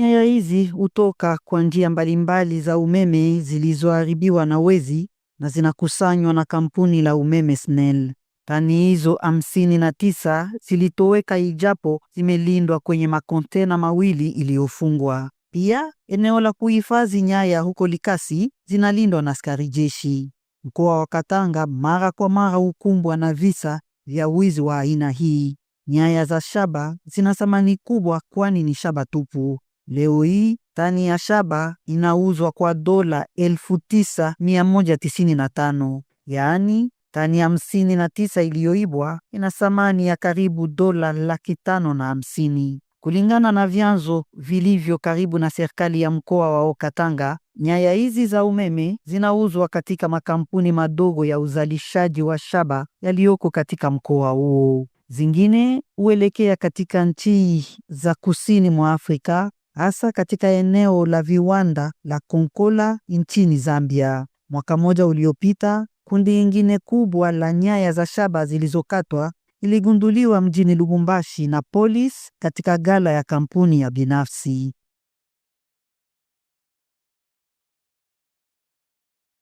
Nyaya hizi hutoka kwa njia mbalimbali za umeme zilizoharibiwa na wezi na zinakusanywa na kampuni la umeme SNEL. Tani hizo 59 na tisa zilitoweka ijapo zimelindwa kwenye makontena mawili iliyofungwa. Pia eneo la kuhifadhi nyaya huko Likasi zinalindwa na askari jeshi. Mkoa wa Katanga mara kwa mara hukumbwa na visa vya wizi wa aina hii. Nyaya za shaba zina thamani kubwa, kwani ni shaba tupu leo hii tani ya shaba inauzwa kwa dola 9195 yaani tani hamsini na tisa iliyoibwa ina thamani ya karibu dola laki tano na hamsini. Kulingana na vyanzo vilivyo karibu na serikali ya mkoa wa Okatanga, nyaya hizi za umeme zinauzwa katika makampuni madogo ya uzalishaji wa shaba yaliyoko katika mkoa huo. Zingine huelekea katika nchi za kusini mwa Afrika hasa katika eneo la viwanda la Konkola nchini Zambia. Mwaka mmoja uliopita, kundi lingine kubwa la nyaya za shaba zilizokatwa iligunduliwa mjini Lubumbashi na polisi katika gala ya kampuni ya binafsi.